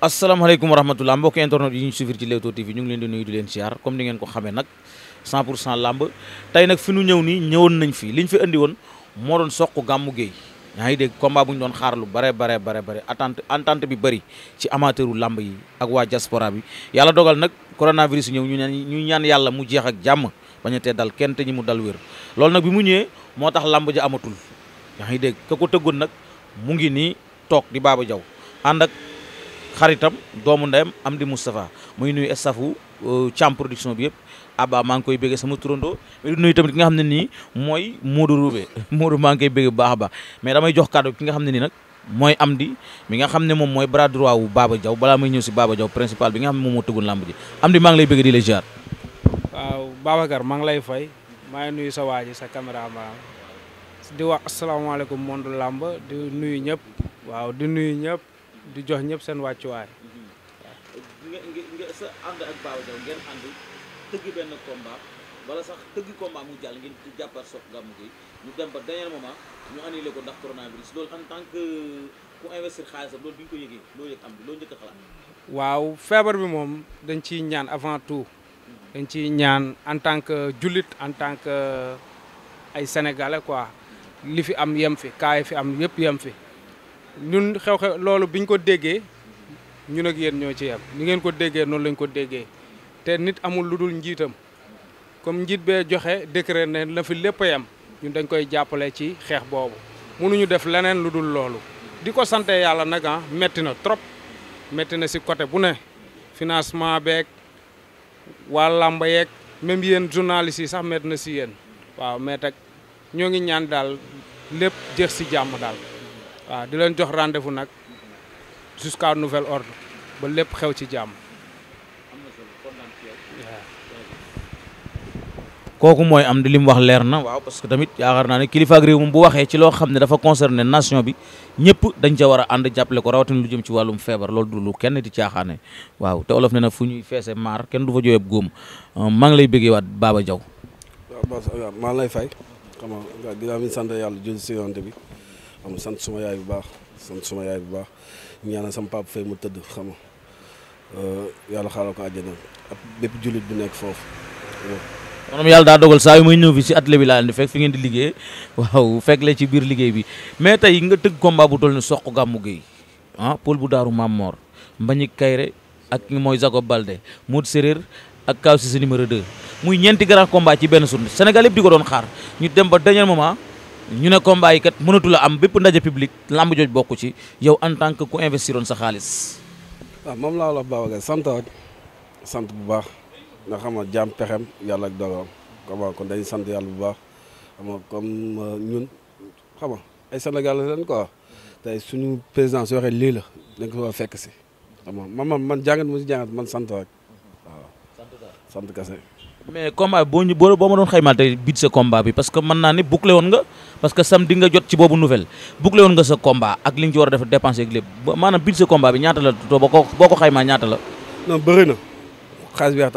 asalaamaaleykum wa rahmatulah mbokki internet yi ñu suivre ci Leewtoo TV ñu ngi leen di nuyu di leen siyaar comme ni ngeen ko xamee nag 100 pour cent làmb tey nag fi nu ñëw nii ñëwoon nañ fi ñu fi indi woon moo doon soq gàmmu géey yaa ngi dégg combat bu ñu doon xaar lu bare bare bare bare attente bi bëri ci amateuru làmb yi ak waa diaspora bi yàlla dogal nag coronavirus ñëw ñu ñaan ñu ñaan yàlla mu jeex ak jàmm bañ a tee dal kenn te ñi mu dal wér loolu nag bi mu ñëwee moo tax làmb ja amatul yaa ngi dégg ka ko nag mu ngi nii toog di baaba jaw xaritam doomu ndeyam am di Moustapha muy nuyu staffu euh, Thiam production bi yëpp Abba maa ngi koy bégg sama turandoo mais du nuyu tamit ki nga xam ne nii mooy Modou Roubé Modou maa ngi koy bu baax a baax mais damay jox kàddu ki nga xam ne nii nag mooy am di mi nga xam ne moom mooy bras droit wu Baba Diaw balaa may ñëw si Baba Diaw principal bi nga xam ne moom moo tëggoon làmb ji am di maa ngi lay béggee di la ziar. waaw Babacar maa ngi lay fay maa ngi nuyu sa waa ji sa caméraman di wax asalaamaaleykum monde làmb di nuyu ñëpp waaw di nuyu ñëpp. di jox ñëpp seen wàccuwaay. nga nga sa ànd ak Baba Diaw ngeen ànd tëgg benn combat wala sax tëgg combat mu jàll ngeen di jàppal soog gi ñu dem ba dernier ñu annulé ko ndax coronavirus loolu en tant ku investir xaalisam loolu bi ñu ko yëgee loo yëg am bi loo njëkk a xalaat. waaw feebar bi moom dañ ci ñaan avant tout. dañ ci ñaan en tant que jullit en tant que ay senegale quoi li fi am yem fi kaay fi am yëpp yem fi. ñun xew-xew loolu biñ ko déggee ñun ak yéen ñoo ci yam ni ngeen ko déggee noonu lañ ko déggee te nit amul lu dul njiitam comme njiit bee joxe décret ne na fi lépp yam ñun dañ koy jàppale ci xeex boobu mënuñu def leneen lu dul loolu di ko sante yàlla nag ah metti na trop metti na si côté bu ne financement beeg waa làmba yeeg même yéen journalistes yi sax metti na si yéen waaw mais teg ñoo ngi ñaan daal lépp jeex si jàmm daal waaw di leen jox rendez-vous nag jusqu'à nouvelle ordre ba lépp xew ci jàmm. kooku mooy am di li mu wax leer na waaw parce que tamit yaakaar naa ne kilifa ak moom bu waxee ci loo xam ne dafa concerné nation bi ñëpp dañ ca war a ànd jàppale ko rawatina lu jëm ci wàllum feebar loolu du lu kenn di caaxaane waaw te olof ne na fu ñuy feese maar kenn du fa jooyab góom euh, maa lay bëggee waat Baba Diaw. lay fay sant yàlla jël si bi. xam sant suma yaay bu baax sant suma yaay bu baax ñaanal sama papa fay mu tëdd xam euh, yàlla xaaral ko àjjana ak bépp jullit bu nekk foofu. maanaam yàlla daa dogal saa yu may ñëw fi si atelier bi laa indi fekk fi ngeen di liggéey waaw fekk la ci biir liggéey bi mais tey nga tëgg combat bu toll ni soq gàmmu géey ah Paul bu daaru Mam Mor Mbagnick Kaïré ak mooy Jacob Balde Modou Séréer ak Kaw Cissé numéro 2 muy ñeenti grand combat ci benn journée Sénégal yëpp di ko ñu ne combat yi kat mënatul la am bépp ndaje public làmb jooj bokk ci yow en tant que ku investiroon sa xaalis. waaw moom laa la wax Babacar sant rek sant bu baax nga xam ne jaam pexem yàlla ak dogal xam kon dañuy sant yàlla bu baax xam nga euh, ñun xam nga ay Sénégal lañ quoi tey suñu président su waxee lii la dañ ko war fekk si xam ma man man man jàngat ma si jàngat man sant rek waaw sant kase. mais combat boo ñu boo ma doon xaymaal tey biit sa combat bi parce que mën naa ne bouclé woon nga parce que samedi nga jot ci boobu nouvelle bouclé woon nga sa combat ak li ci war a def dépensé ak lépp maanaam biit sa combat bi na xaalis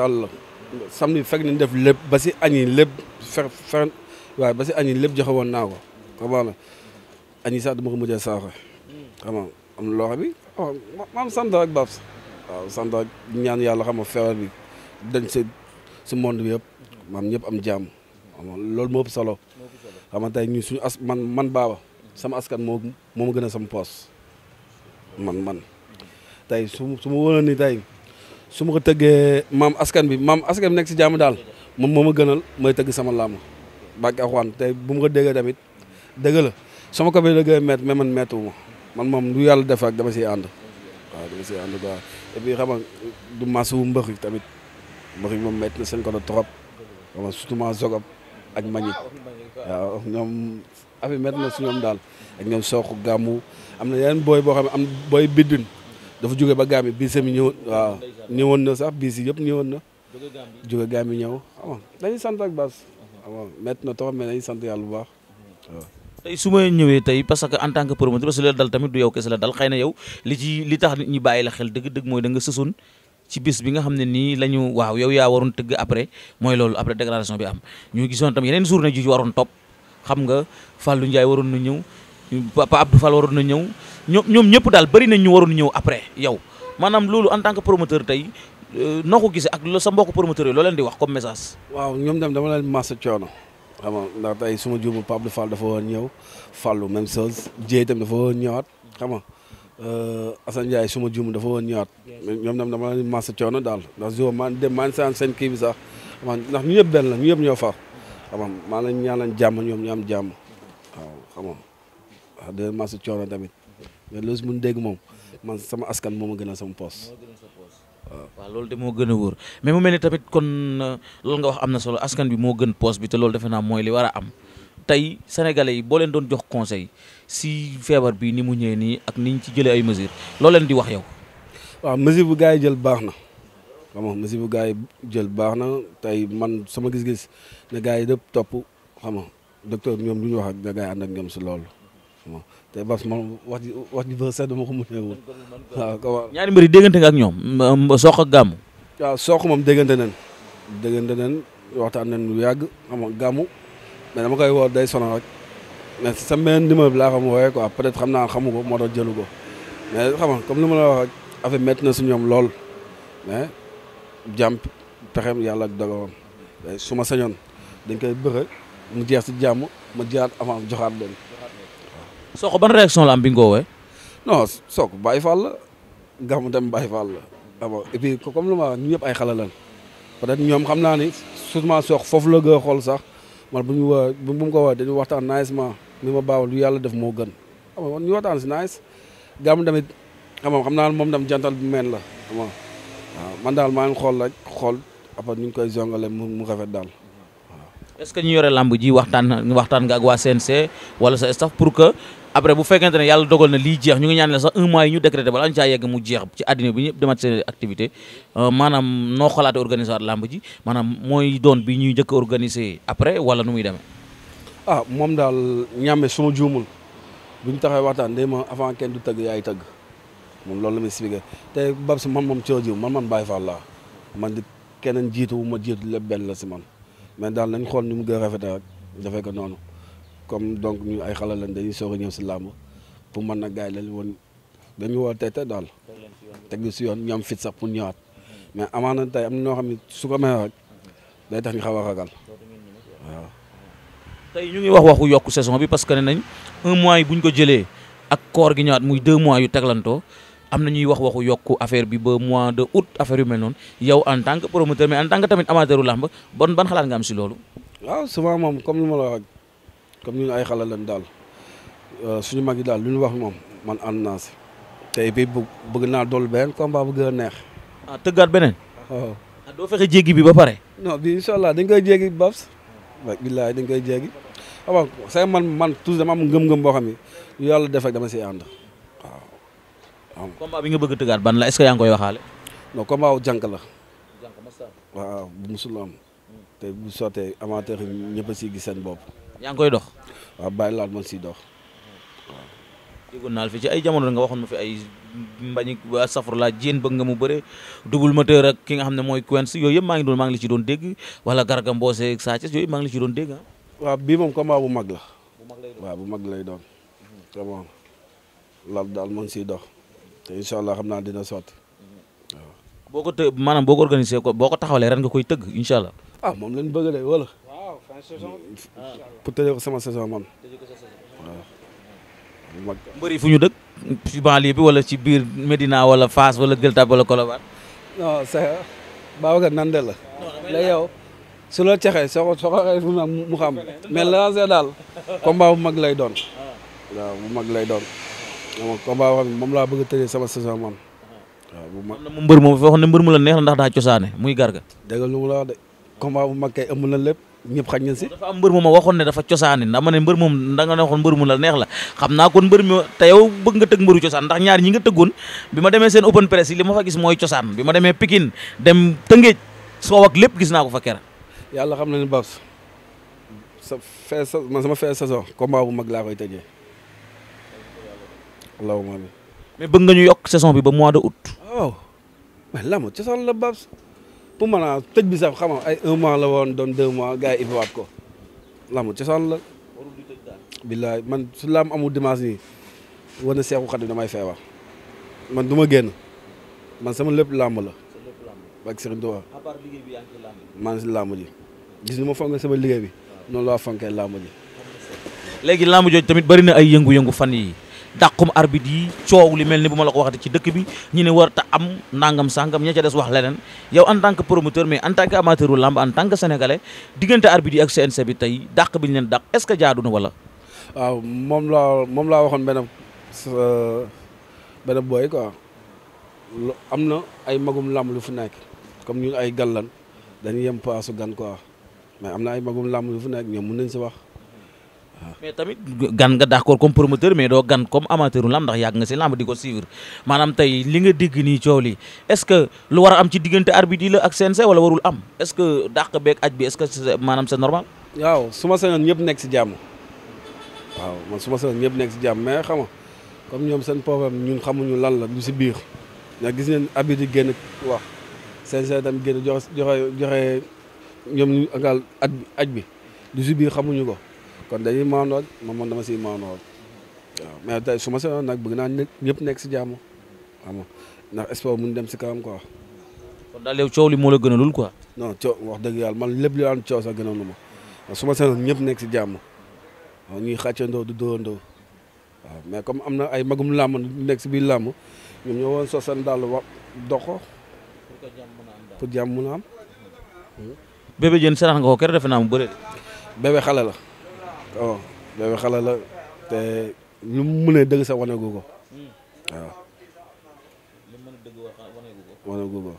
lépp ba si añ yi ba si añ joxe woon naa ko xam nga añ yi sax dama ko mujjee bi waaw maam sant ak Babs waaw sant ak ñaan yàlla xam nga bi si monde bi yëpp maam ñëpp am jàmm loolu moo ëpp solo xam nga tey ñu suñu as man man baaba sama askan moo moo ma gën a sama poos man man tey su su ma wóoroon ni tey su ma ko tëggee maam askan bi maam askan bi nekk si jàmm daal moom moo ma gënal mooy tëgg sama làmb bàkk axwaan tey bu ma ko déggee tamit dëgg la sama ko bi dëggee mett mais man mettu man moom du yàlla def ak dama si ànd waaw dama siy ànd quoi et puis du masu mbëx tamit mbër yi moom métti na seen ko trop xam surtout ma Zogab ak Mañik waaw ñoom affaire métti na si ñoom daal ak ñoom Sokh gàmmu am na yeneen booy boo xam ne am booy biddin dafa jóge ba gàmmi bii sami ñëw waaw ñëwoon na sax bii si yëpp ñëwoon na jóge gàmmi ñëw xam nga dañuy sant ak bas xam na trop mais dañuy sant yàlla bu baax waaw. tey su ma ñëwee tey parce que en que promoteur parce que la dal tamit du yow kese la dal xay na yow li ci li tax nit ñi bàyyi la xel dëgg-dëgg mooy da nga sësoon ci bis bi nga xam ne nii la ñu waaw yow yaa waroon tëgg après mooy loolu après déclaration bi am ñu gisoon tam yeneen na ju waroon topp xam nga Fallou Ndiaye waroon na ñëw Papa Abdou waroon na ñëw ñoom ñoom ñëpp daal bëri nañ ñu waroon ñëw après yow maanaam loolu en tant que promoteur tey euh, noo ko gisee ak sa mbokku promoteur yi loo leen di wax comme message. waaw ñoom dem dama leen massa coono xam nga ndax tey suma juumul Papa Abdou Fall dafa war ñëw Fallou même chose Dieye tamit dafa war ñëwaat xam nga Euh, Assane Ndiaye su ma juum dafa woon ñëwaat ñoom nam dama la massa coono daal ndax jo maa dem maa ngi saan seen kii bi sax xam ndax ñu yëpp benn la ñu yëpp ñoo far xam nga maa lañ ñaanal jàmm ñoom ñu am jàmm waaw xam nga wax dëgg massa coono tamit mais loolu mun dégg moom man sama askan moo ma gën a sama poos waaw waaw loolu de moo gën a wóor mais mu mel ni tamit kon euh, loolu nga wax am na solo askan bi moo gën poos bi te loolu defe naa mooy li war a am tey sénégalais yi boo leen doon jox conseil si feebar bi ni mu ñëwee nii ak ni ci jëlee ay mesures loo leen di wax yow. waaw mesure bu gars yi jël baax na xam nga bu gars yi jël baax na tey man sama gis-gis ne gars yi dëpp topp xam nga docteur ñoom lu ñu wax ak ne gars ak ñoom si loolu xam nga te bas man wax wax ji ba sedd ma ko mënee woon waaw. ñaari mbir yi déggante nga ak ñoom soq gàmm. waaw soq moom déggante nañ déggante waxtaan nañ lu yàgg xam nga gàmm mais dama koy woo day sonal rek. mais sa beneen bi laa xam wooyee quoi peut être xam naa xamu ko moo tax jëlu ko mais xam nga comme li ma la wax affaire métti na si ñoom lool mais jàmm pexem yàlla ak dogalam su ma sañoon dañ koy bëre mu jeex si jàmm ma jëlaat avant joxaat leen. soo ko ban réaction la am bi nga woowee. non soo ko Baye Fall la gàmmu dem Baye Fall la d'abord et puis comme lu ma ñu ñëpp ay xale lañ ñoom xam naa ni souvent soox foofu la gën xool sax man bu ñu bu mu ko waxee dañu waxtaan naajement. ni ma baawal lu yàlla def moo gën xam nga man ñu waxtaan si nice gàmm tamit xam nga xam naa moom tam jantal bi meen la xam man daal maa ngi xool rek xool après ñu ngi koy jongale mu mu rafet daal. est-ce que ñu yore làmb ji waxtaan waxtaan nga ak waa CNC wala sa staff pour que après bu fekkente ne yàlla dogal na lii jeex ñu ngi ñaan la sax un yi ñu décrété bala ñu caa yegg mu jeex ci àddina bi ñëpp demaat seen activité euh, maanaam noo xalaatee organiser waat ji maanaam mooy doon bi ñuy njëkk a organiser wala nu muy demee. ah moom daal ñàmme su ma juumul bu ñu taxee waxtaan day ma avant kenn du tëgg yaay tëgg moom loolu la ma expliqué te bab si man moom ci juum man man baay Fall laa man di keneen jiitu ma jiitu lépp benn la si man mais daal nañ xool ni mu gën a rafetee rek dafay ko noonu comme donc ñu ay xalal lañ dañuy soog a ñëw si làmb pour mën na gars yi dañu woon dañu war te te daal teg ñu si yoon ñoom fit sax pour ñëwaat mais amaana tey am na ñoo xam ne su ko mayee rek day tax ñu xaw a ragal tey ñu ngi wax waxu yokk saison bi parce que ne nañ un mois yi ko jëlee ak koor gi ñëwaat muy deux mois yu teglantoo am na ñuy wax waxu yokk affaire bi ba mois de août affaire yu mel noonu yow en tant que promoteur mais en tant que tamit amateuru làmb bon ban xalaat nga am si loolu. waaw souvent moom comme lu ma la wax comme ñun ay xalaat lañ daal euh, suñu magi yi daal lu ñu wax moom man ànd naa si tey bii bëgg naa dool benn combat bu gën neex. ah tëggaat beneen. waaw. Oh. Ah, doo fexe ba billaay dañ koy jéggi ah, waaw say man man toujours dama am ngëm-ngëm boo xam ne lu yàlla def rek dama siy ànd waaw. combat bi nga bëgg a tëggaat ban la est-ce que yaa ngi koy waxaale. jànk la. jànk masta waaw bu musul am. te bu sotee amateur yi ñëpp a siy seen bopp. yaa ngi koy dox. waaw bàyyi laal man siy dox waaw. déggoon fi ci ay jamono nga waxoon ma fi ay mbañi safrla jéen bëgg nga mu bëre double moteur ak ki nga xam ne mooy Quench yooyu yëpp maa ngi doon maa ngi la ci doon dégg wala Garga Mbossé ak Sa Thiès yooyu maa ngi la ci doon dégg ah waaw bii moom combat bu mag la waaw bu mag lay doon te moom lal daal mu ngi siy dox te incha allah xam naa dina sotti waaw boo ko të maanaam boo ko organisé ko boo ko taxawalee ren nga koy tëgg incha allah ah moom lañ bëgg de wala pour tëjee ko sama saison man waaw mbëri fu ñu dëkk ci banlieue bi wala ci biir Médina wala Fass wala Gueule Tapée wala Colobane. non c' la. la yow su la caxee soo ko soo ko waxee mu daal combat bu mag lay doon. waaw mag lay doon. waaw combat boo xam ne moom a tëjee mbër moom foo xam ne mbër mu la neex la ndax daa cosaane muy garga. dëgg lu mu la wax de combat bu mag kay ëmb na ñëpp xaj nañ si. dafa am mbër moom a waxoon ne dafa cosaani ndax ma ne moom da nga ne waxoon mbër mu la neex la xam naa kon te yow bëgg nga tëgg ndax ñaar ñi nga tëggoon bi ma demee seen open press yi li ma fa gis mooy cosaan bi ma demee Pikine dem Tëngéej soo ak lépp gis naa ko fa ker yàlla xam na ne Babs sa fee sa sama fee saison combat bu mag laa koy tëjee allahumma mais bëgg nga ñu yokk saison bi ba mois de août. waaw oh, mais lamb cosaan la Babs. pour man tëj bi sax xam nga ay un la woon doon deux mois gars yi ibiwaat ko lamb cosaan la. warul man su lamb amul dimanche nii war na seexu xadim damay feebar man du ma génn man sama lépp lamb la. sa lépp lamb la ak Serigne Touba. ji. gis ni ma fonk sama liggéey bi. noonu laa fonkee lamb ji. léegi lamb jooju tamit bari na ay yëngu-yëngu fan yi dàqum arbitre yi coow li mel ni bu ma la ko waxati ci dëkk bi ñu ne war am nangam sangam ña ca des wax leneen yow en tant que promoteur mais en tant que amateur lamb en tant que sénégalais diggante arbitre yi ak CNG bi tey dàq bi ñu leen dàq est ce que jaadu na wala. waaw moom laa moom laa waxoon benn benn boy quoi am na ay magum lamb lu fu nekk comme ñun ay gallan dañuy yem paasu gan quoi mais am na ay magum lamb lu fu nekk ñoom mun nañ si wax. mais tamit gan nga d'accord comme promoteur mais doo gan comme amateur lamb ndax yàgg nga si lamb di ko suivre maanaam tey li nga dégg nii coow li est-ce que lu war a am ci diggante arbitre yi la ak CNG wala warul am est-ce que dàq beeg aj bi est-ce que maanaam c'est normal. waaw su ma sañoon ñëpp nekk si jàmm waaw man su ma sañoon ñëpp nekk si jàmm mais xam nga comme ñoom seen problème ñun xamuñu lan la du si biir ndax gis ngeen arbitre yi génn wax CNG tam génn joxe joxe joxe ñoom agal àggal aj bi si biir xamuñu ko. kon dañuy maandoo moom man dama siy maandoo waaw mais tey su ma seetloo nag bëgg naa ñëpp nekk si jàmm xam nga ndax mun dem si kawam quoi. kon daal yow coow li moo la gënalul quoi. non coow wax dëgg yàlla man lépp li daan coow sax lu ma suma ma seetloo ñëpp nekk si jàmm waaw ñuy xàccandoo du dóorandoo waaw mais comme am na ay magum làmb nekk si biir làmb ñoom ñoo woon sos seen dàll wax dox ko pour jàmm mun a am. Bébé Diène sarax nga ko keroog naa mu bëre. bébé xale la. waaw oh, bébé xale la te lu mu mënee dëgg wane gu ko hmm. waaw. a dëgg wane gu ko. wane gu ko.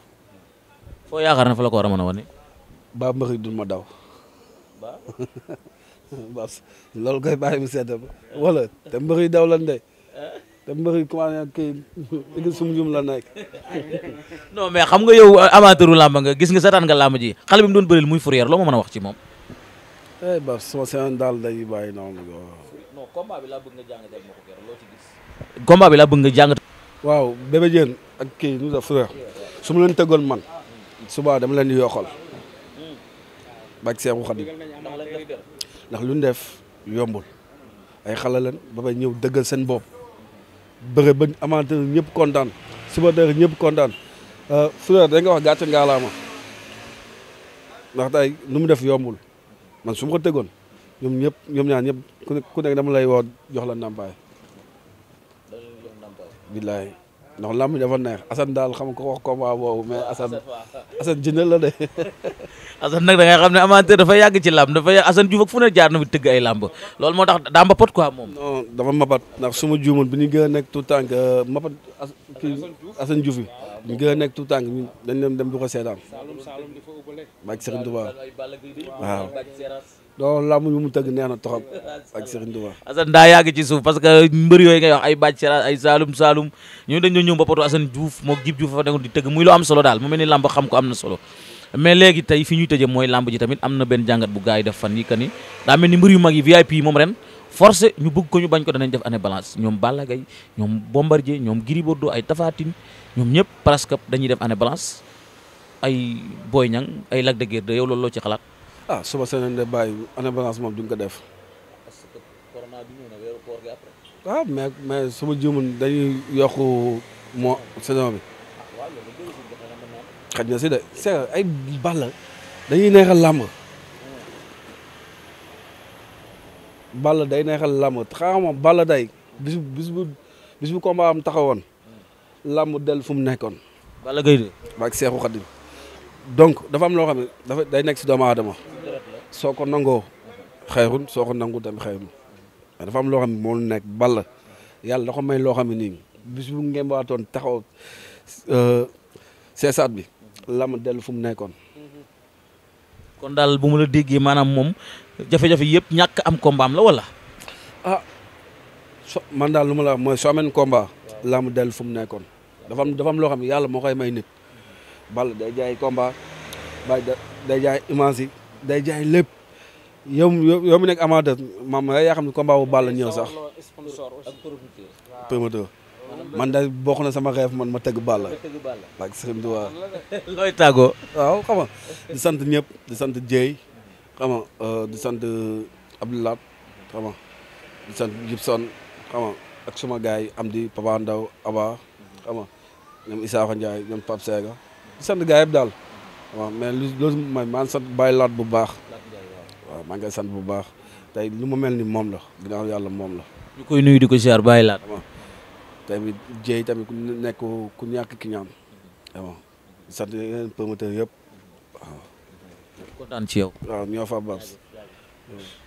foo yaakaar ne fa la wane. Ba Mbëri du ma daw. ba bas loolu koy bàyyi mu seet wala te mbëri daw lan de. Eh? te mbëri commencé kii église sumu jum la nekk. non xam nga yow amateuru làmb nga gis nga seetaan nga làmb ji xale bi mu doon bëril fur fourrière loo ma mën a wax ci moom. eh ba sama daal day bàyyi noonu. non combat bi bi laa bëgg nga jàngat. waaw Bébé Diène ak kii nous a frère su leen tëggoon man suba dama leen di yokkal bàcc Seexu Xadim ndax lu ñu def yombul ay xale leen ba bay ñëw dëggal seen bopp bëre ba amateur ñëpp kontaan suba dër ñëpp kontaan eh, frère da nga wax gàcce ngaalaama ndax tey nu mu def yombul. man su ma ko tëggoon ñoom ñëpp ñoom ñaar ñëpp ku nekk ku nekk dama lay woo jox la ndàmpaay. billaay ndax làmb dafa neex Assane daal xam ko wax combat ma mais Assane Assane jëndal la de. Assane nag da ngay xam ne amateur dafa yàgg ci làmb dafa Assane Diouf ak fu ne jaar na wu tëgg ay làmb loolu moo tax daa mbapat quoi moom. non dama mbapat ndax su ma bi ñu gën nekk tout le temps que mbapat Assane Diouf yi. ñu gën a nekk tout tànk ñun dañ leen dem du ko seetaan ak Serigne Touba waaw doo làmb yu mu tëgg neex na toxam ak Serigne Touba Assane daa yàgg ci suuf parce que mbër yooyu ngay wax ay bàcc seras ay saalum Saloum ñu dañ doon ñëw boppatu Assane Diouf moo Djib Diouf fa nekkoon di tëgg muy lu am solo daal mu mel ni làmb xam ko am na solo mais léegi tey fi ñuy tëjee mooy làmb ji tamit am na benn jàngat bu gars yi def fan yi que ni daa mel ni mbër yu mag yi VIP moom ren force ñu bëgg ko ñu bañ ko danañ def année balance ñoom Balla Gaye ñoom Bombardier ñoom Gris Bordeaux ay tafaatin ñoom ñëpp presque dañuy def anne balance ay Boy Niang ay Lac de Guiers 2 yow loolu loo ci xalaat. ah suba seen de bàyyi année balance moom duñ ko def. parce que corona ah, mais mais su ma juumul dañuy yokk saison bi. xaj na si de c'est ay Balla dañuy neexal làmb. Balla day neexal làmb xam nga Balla day bis bis bu bis bu combat am taxawoon làmb dell fu mu nekkoon. Balla Gaye de. ak Seexu Xadim donc dafa am loo ne dafa day nekk si doomu aadama soo ko nangoo xeyrun soo ko nangu tamit xeyrun dafa am loo ne nekk Balla yàlla da ko may loo xam ne nii bis bu ngeen waatoon taxaw euh, seesaat bi làmb dellu fu mu nekkoon. kon daal bu mu la déggee maanaam moom jafe-jafe yëpp ñàkk am kombaam la wala. ah man daal luma la mooy soo ameen komba. laa mu dellu fu mu nekkoon. dafa am loo xam ne yàlla moo koy may nit. bal day jaay komba bay day jaay image day jaay lépp. yow yow mi nekk amateur maam yaa xam ne combat bu Balla ñëw sax promoteur man da bokk na sama rêve man ma tëgg Balla ak Serigne Touba looy tàggoo waaw xam di sant ñëpp di sant Dieye xam nga euh, di sant Abdoulaye xam nga di Gibson xam ak suma gars am di Papa Ndaw Aba xam nga ñoom Isaaxa Ndiaye ñoom Pape Sega di sant gars yëpp daal waaw mais lu loolu man maa sant bàyyi laat bu baax waaw maa ngi sant bu baax te lu ma mel ni moom la ginnaaw yàlla moom la. ñu koy nuyu di ko ziar bàyyi laat. tamit jéey tamit ku nekk ku ñàkk ki ñaan. waaw sant yeneen kontaan ci yow. waaw ñoo